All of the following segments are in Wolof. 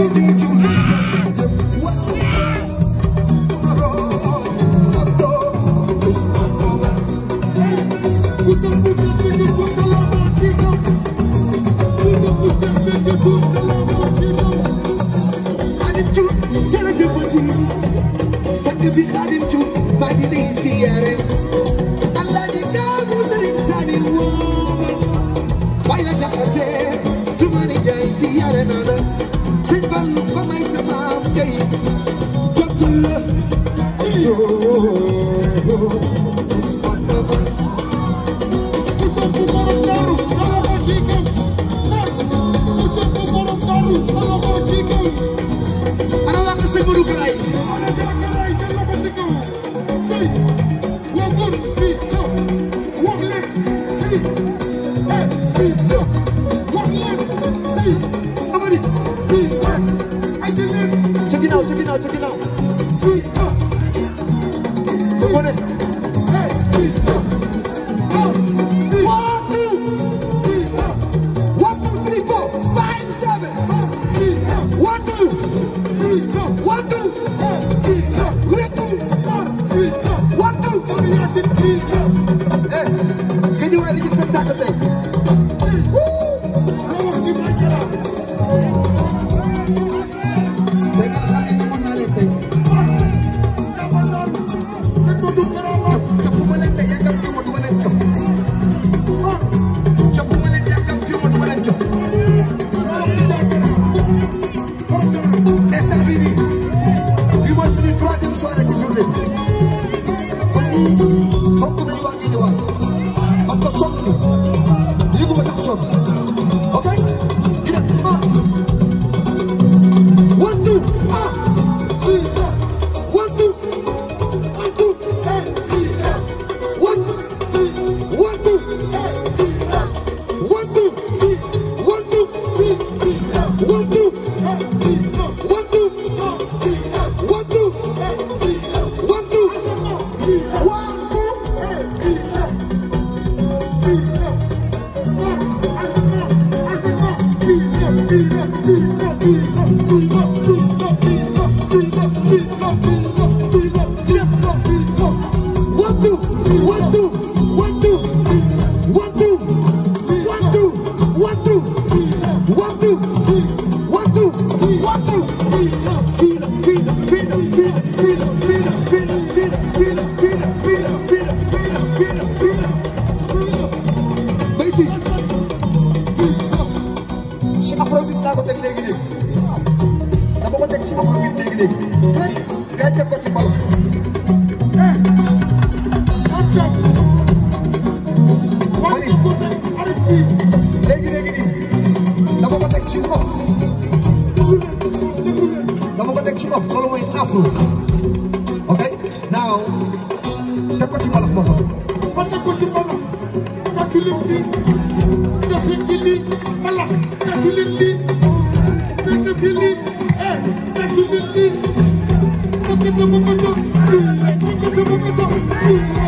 Thank you.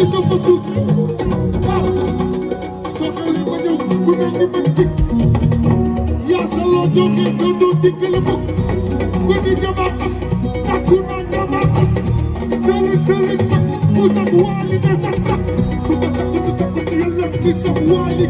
di ko bëgg ah soo xëyee ba ñëw ku ne ñu mën dikk yaa sa loo joxee doo doo mu sax waali na sax tax su ma sax du sax yàlla mu sax waali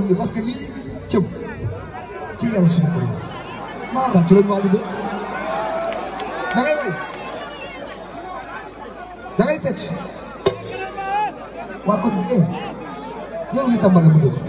bi parce que lii cëb ci yàlla suñu borom maa ngi tudd maa ngi tudd da ngay way da waa kon eh yow li tàmbale mu dugg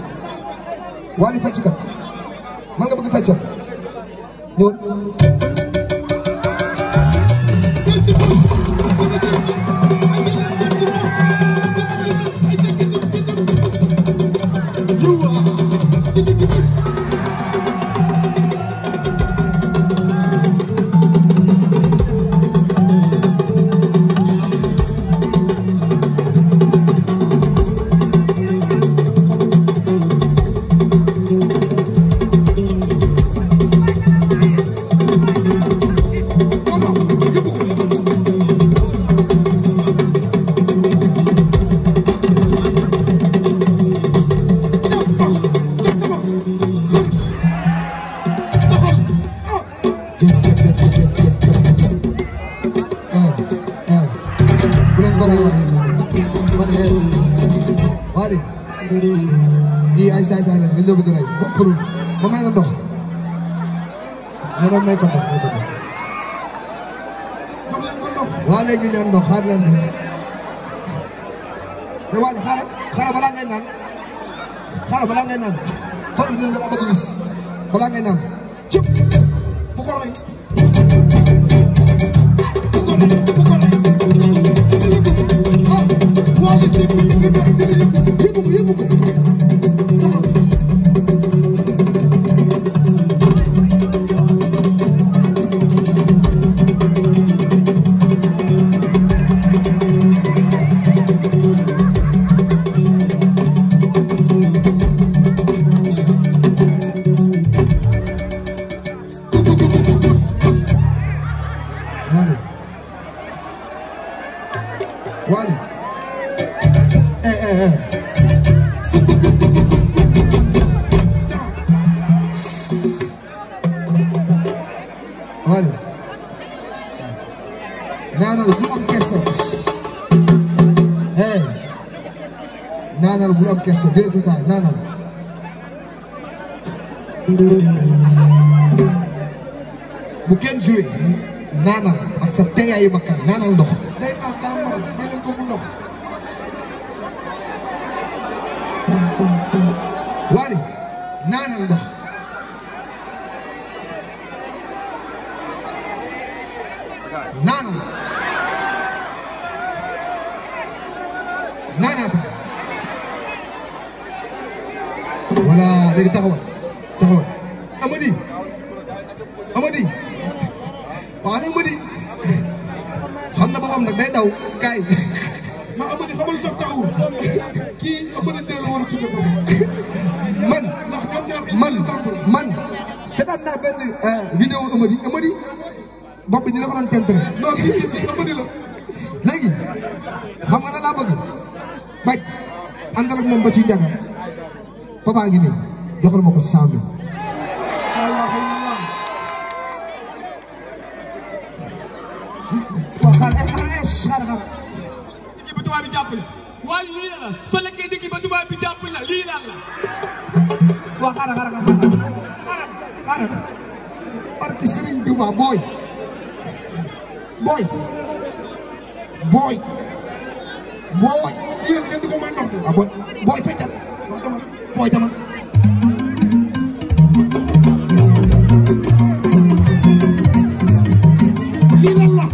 que su desi e na nana bu kenn joué nana ak sa teeyaayu bakkan nana ndox baa ngi nii joxal ma ko cent mille waa lii la soo lekkee dëkk ba tubaab bi jàpp la lii la la waa xaaral xaaral xaaral xaaral barki Sëriñ Tuubaa booy booy booy booy ah, booy feccal boy dama lii lan la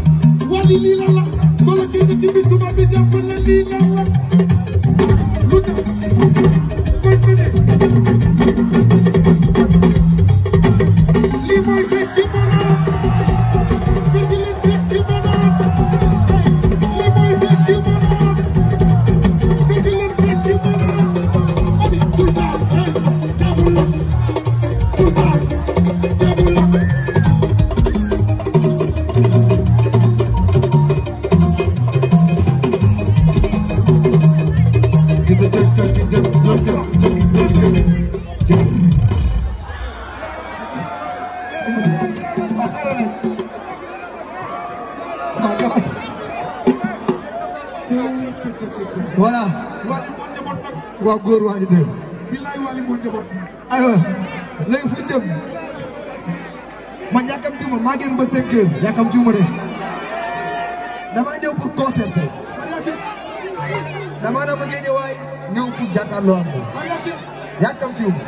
wali lii lan la solo ci ci tubaab bi jàpp na lii lan la cinq na yaakaar tuuma de damaa ñëw pour concerter damaa na ma génne waay ñëw pour jàkkaarloo am yaakaar tuuma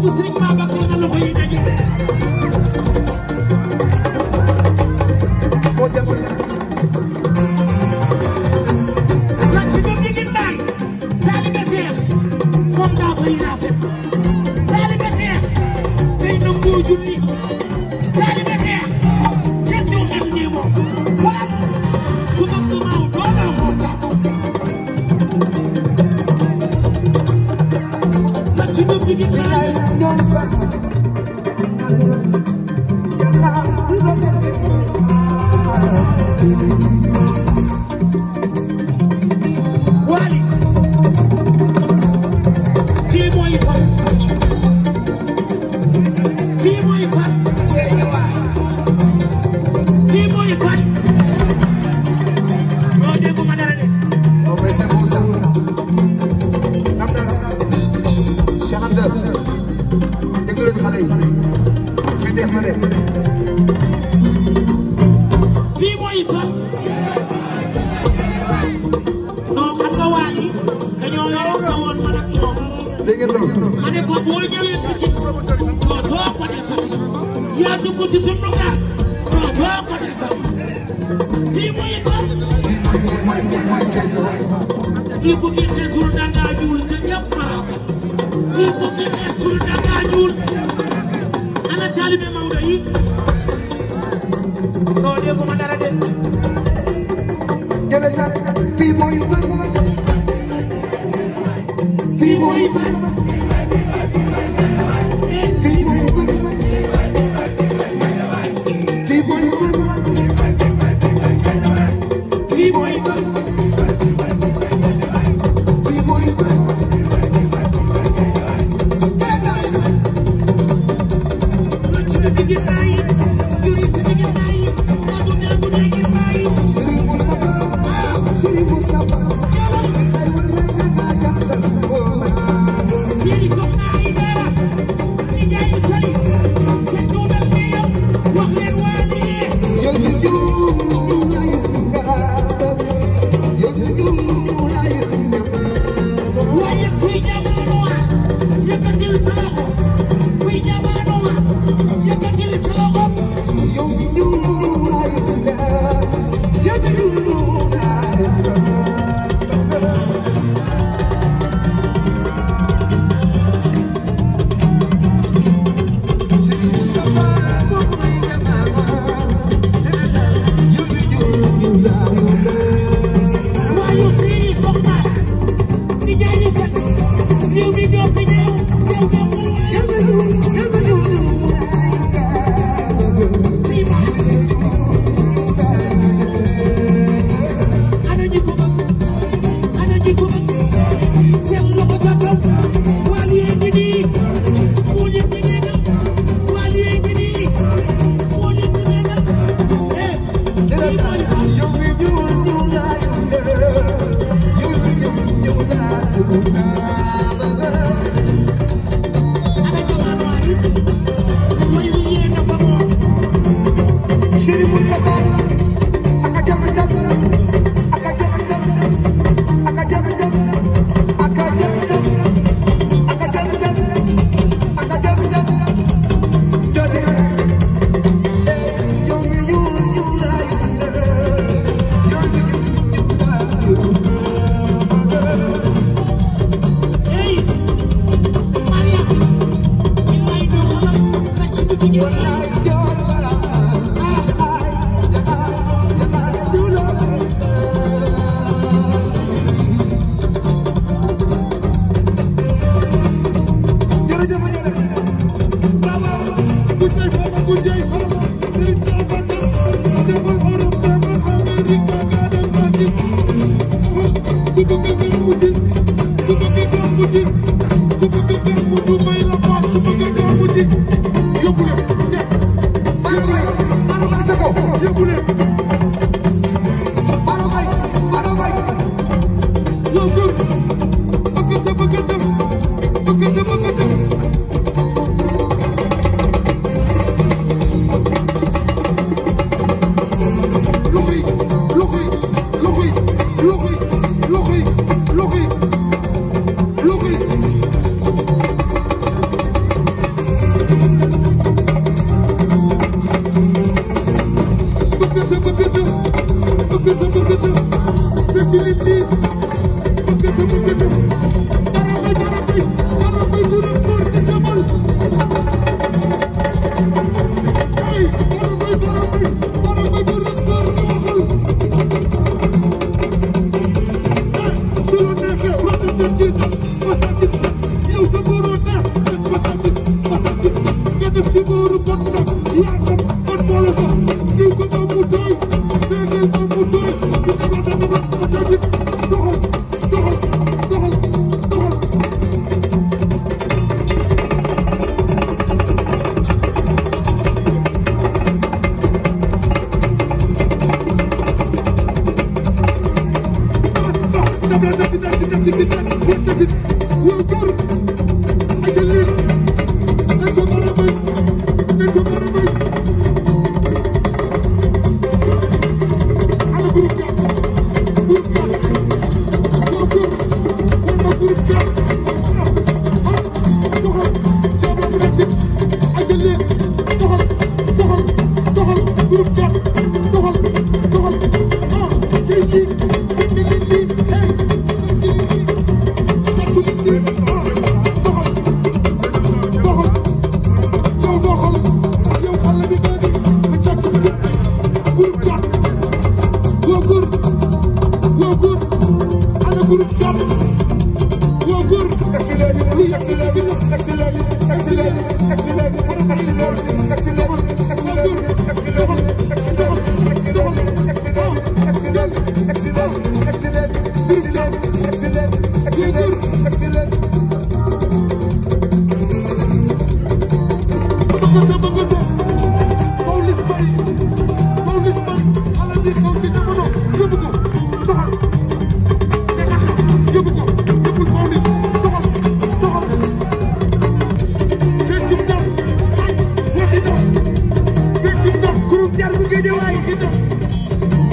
music.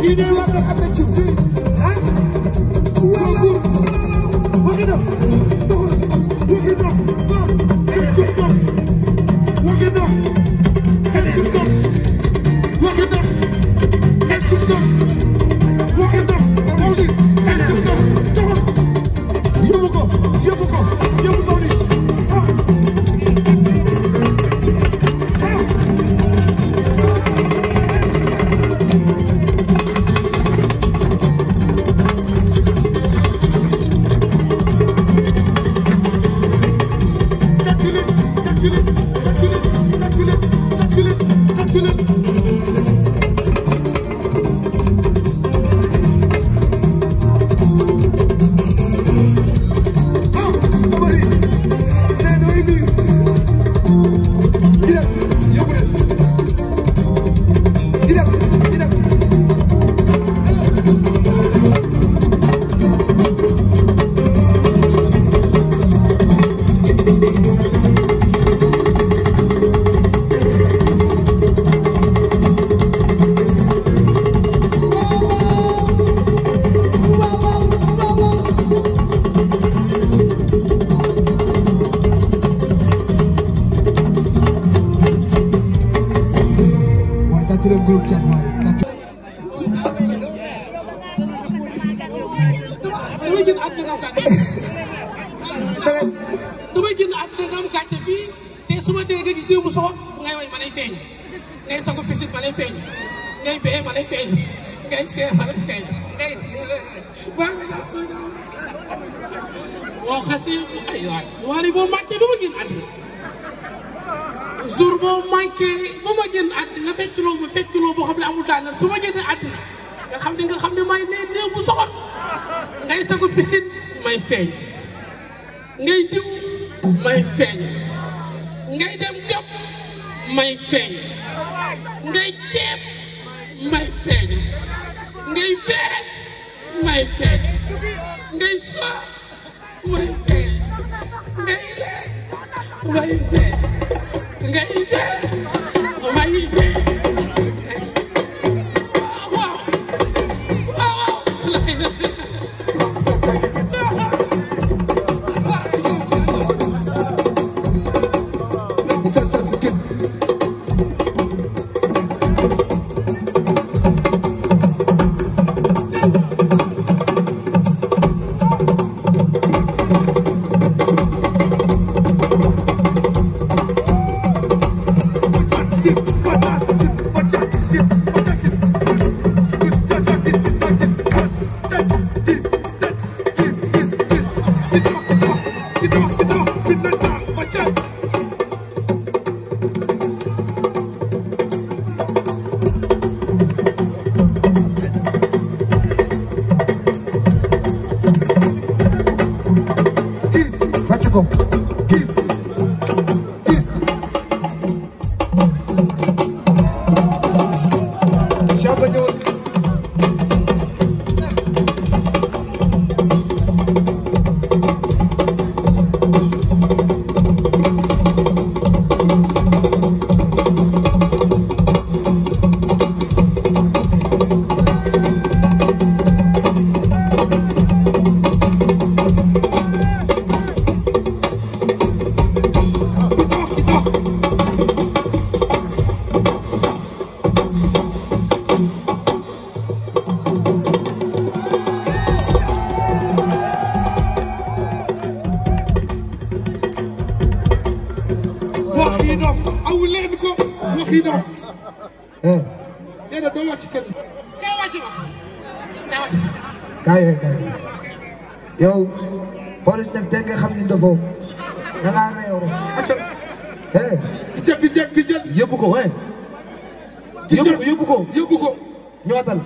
ñi war a yóbbu ko ñootal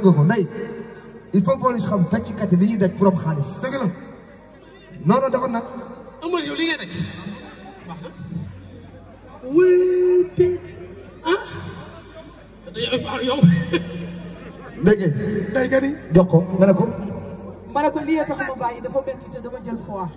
dégg ko nday il faut police xam fecckat yi li ñuy daj borom xaalis. dëgg la non non dafa nag. Amady yow li ngay daj. wéé déet ah? ah. yow. dégg nga. day gën jox ko nga ne ko. ma ko lii tax ma bàyyi dafa métti te dama jël foie.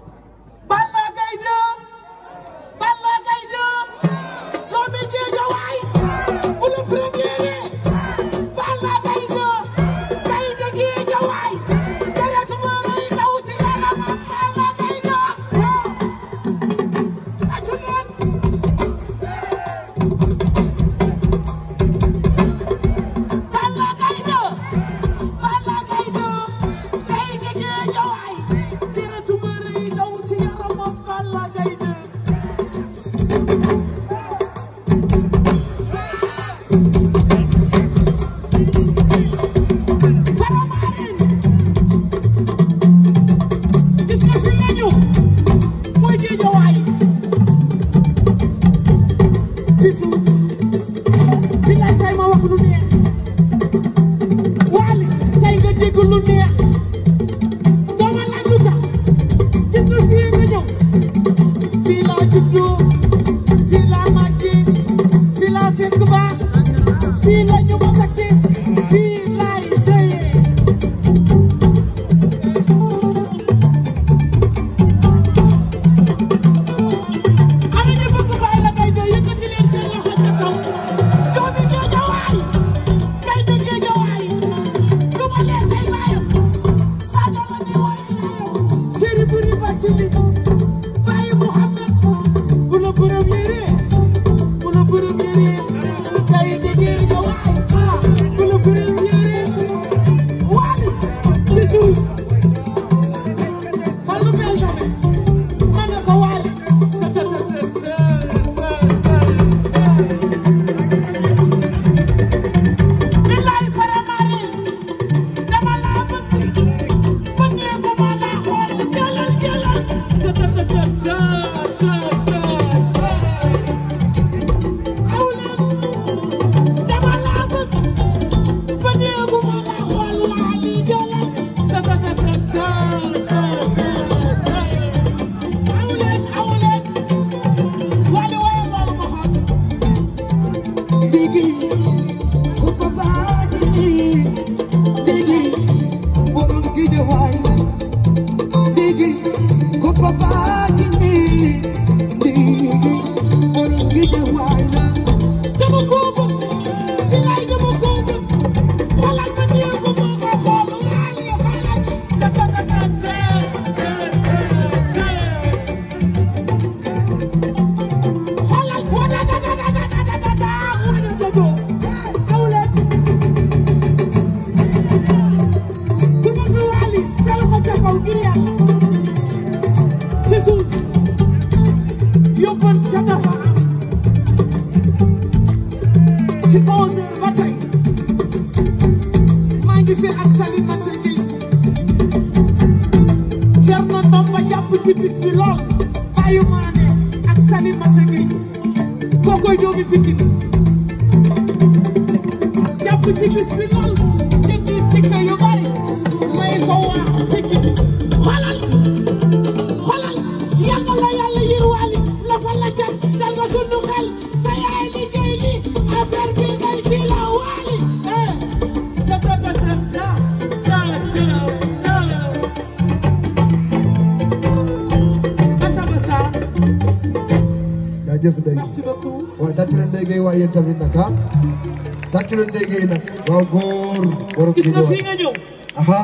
ci leen déggee nag waaw góor borom gis nga fii nga ñëw aha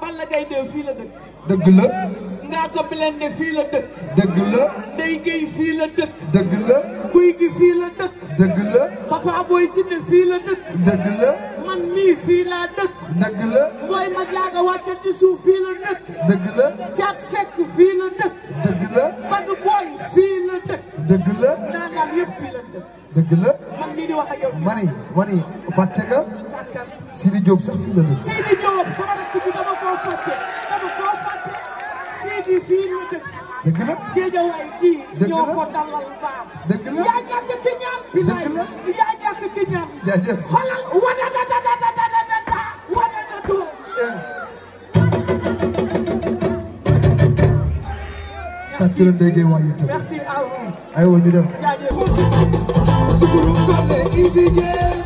Balla Gaye de fii la dëkk dëgg la ngaa ko bi leen ne fii la dëkk dëgg la day géy fii Diop sax fii la dëkk. Seydi Diop sama dëkk bi dama koo fàtte dama koo fàtte Seydi fii la dëkk. dëgg la géejawaay gii. dëgg la ñoo ko dalal baam. dëgg la yaa ñàkk ci ñaan. bilaay yaa ñàkk ci ñaan. jaajëf xoolal wane da da da da da da da wane na doo. Eh. parce que déggee waa YouTube. merci à vous. aywa ñu dem. jaajëf.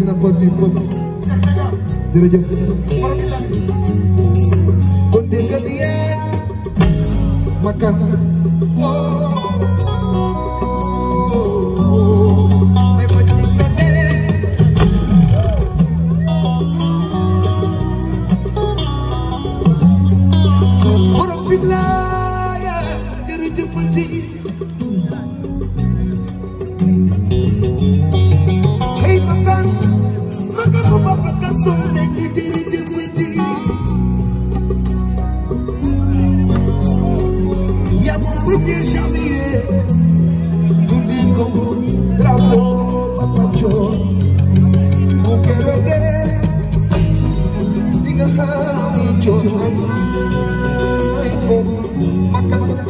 dina ko di peuple jërëjëf nga xam coono ay bopp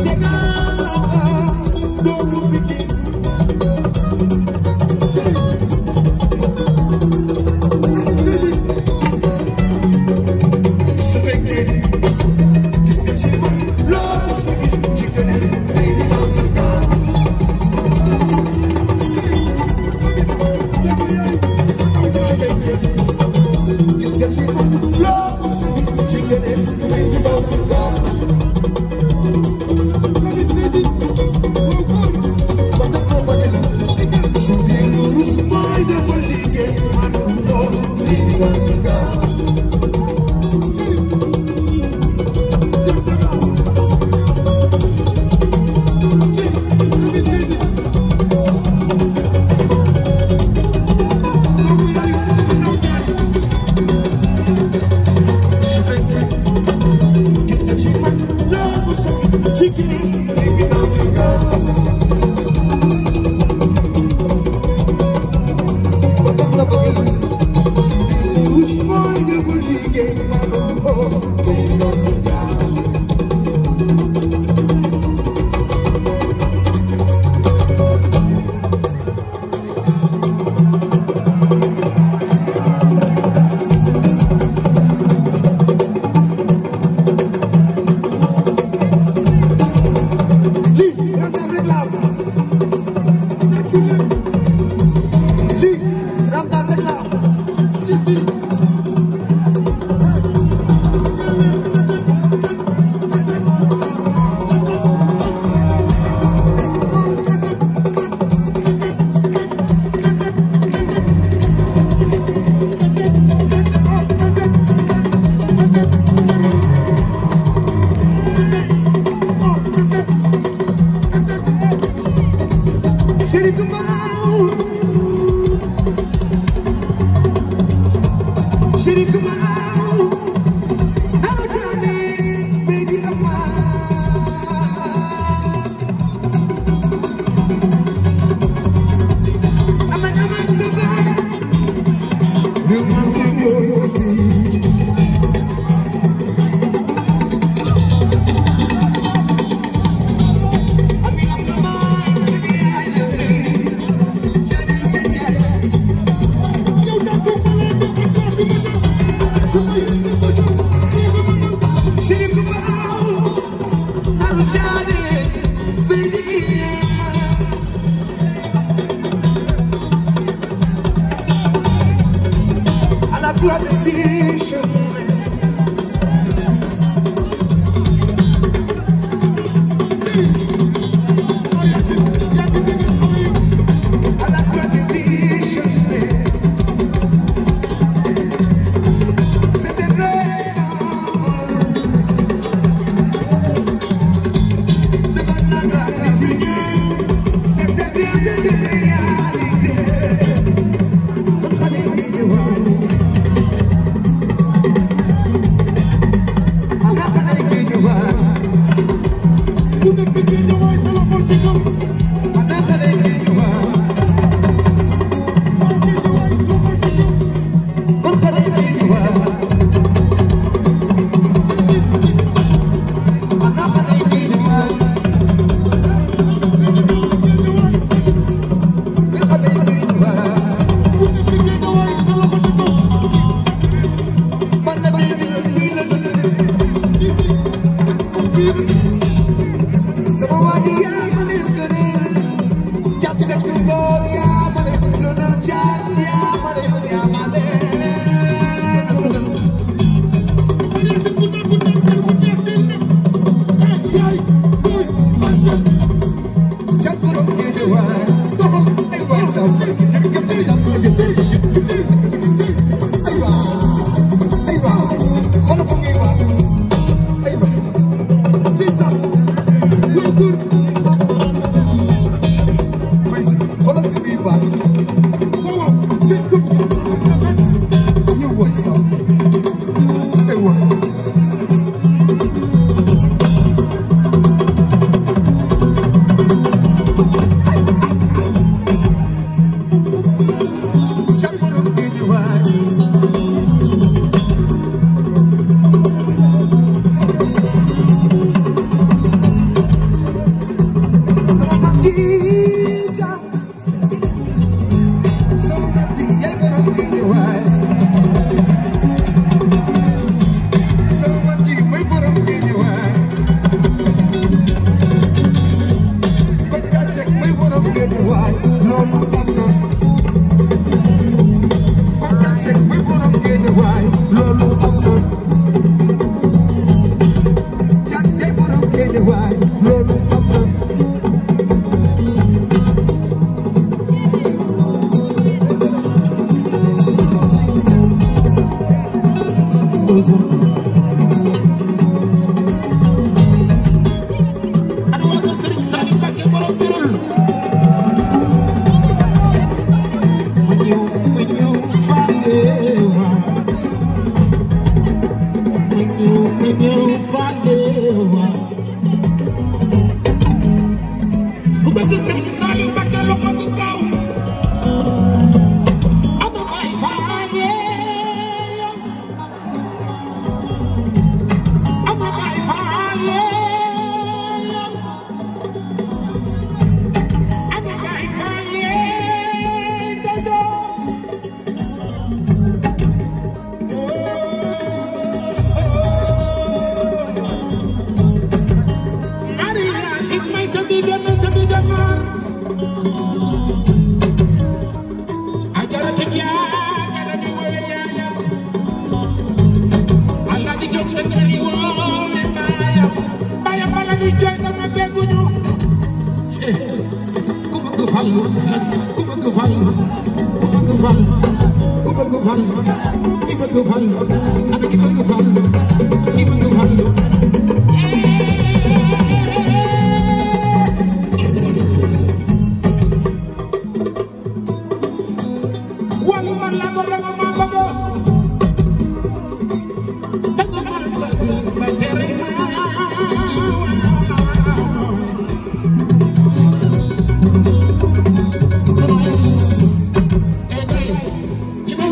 Thank you.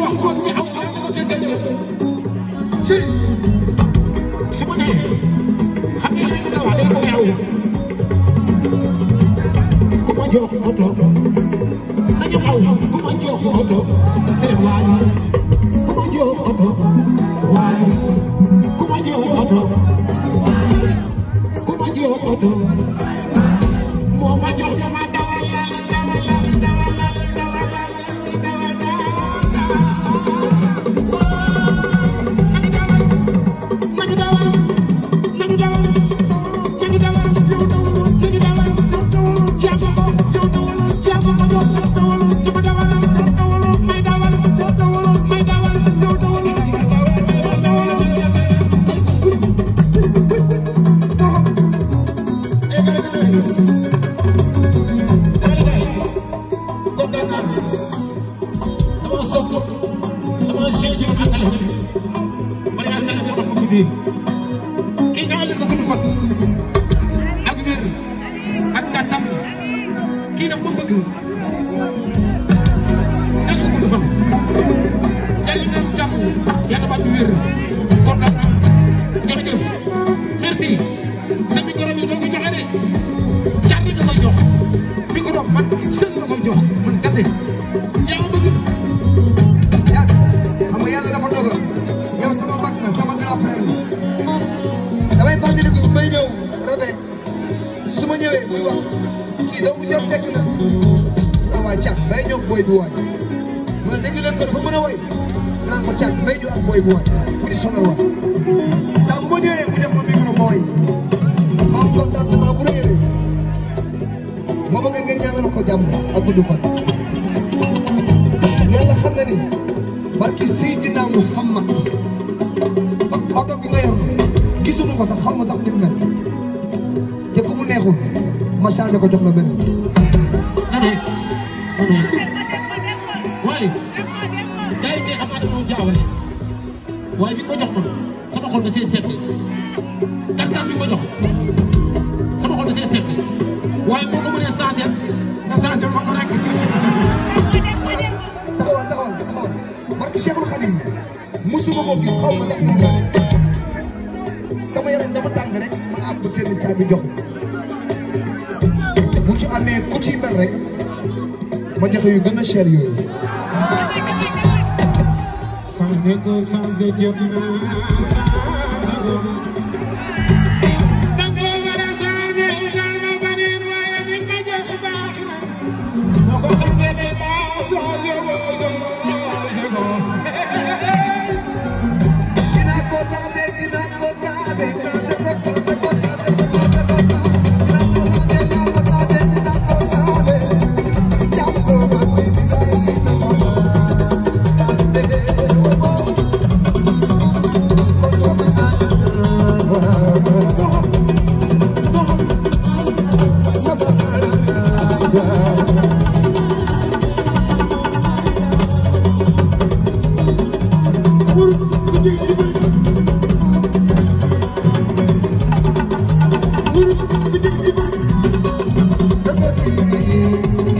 wax ko ci aw waaye dama fee gën a ci su ma nee xam nga li nga wax day ko yaaw ku ma jox oto nañu aw ku ma jox oto cher Thank you.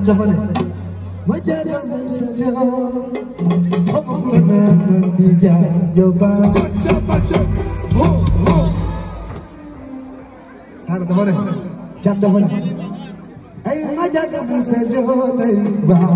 Wolof dafa ne wajada may sañoo xamul ma naan di jaar yóbbaa xaar dafa ne cat dafa ne ay wajada may sañoo day baax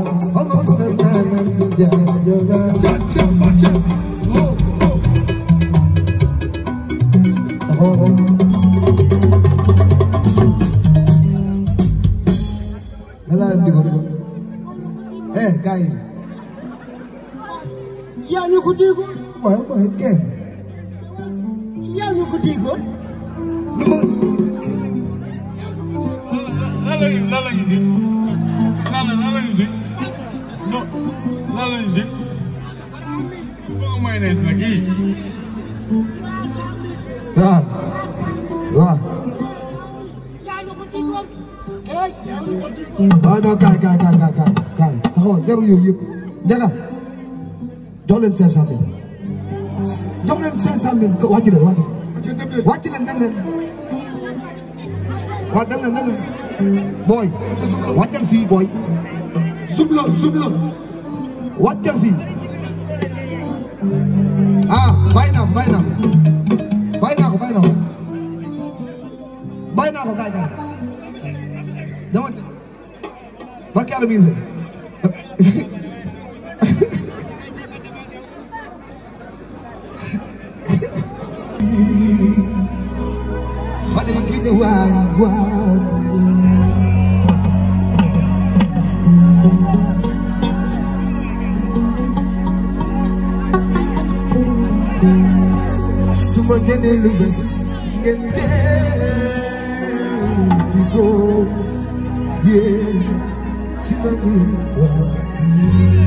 pour yooyu yëpp njaga jox leen cinq cent mille jox leen cinq cent mille wàcc leen wàcc leen wàcc leen dem leen waaw dem leen dem leen booy wàccal fii booy sublo sublo wàccal fii ah bàyyi naa ko bàyyi naa ko bàyyi naa ko bàyyi naa ko bàyyi naa ko kaay kaay dama barke Yàlla bi suma gene lu bés ngeen dee di ko yee ci ma Thank you.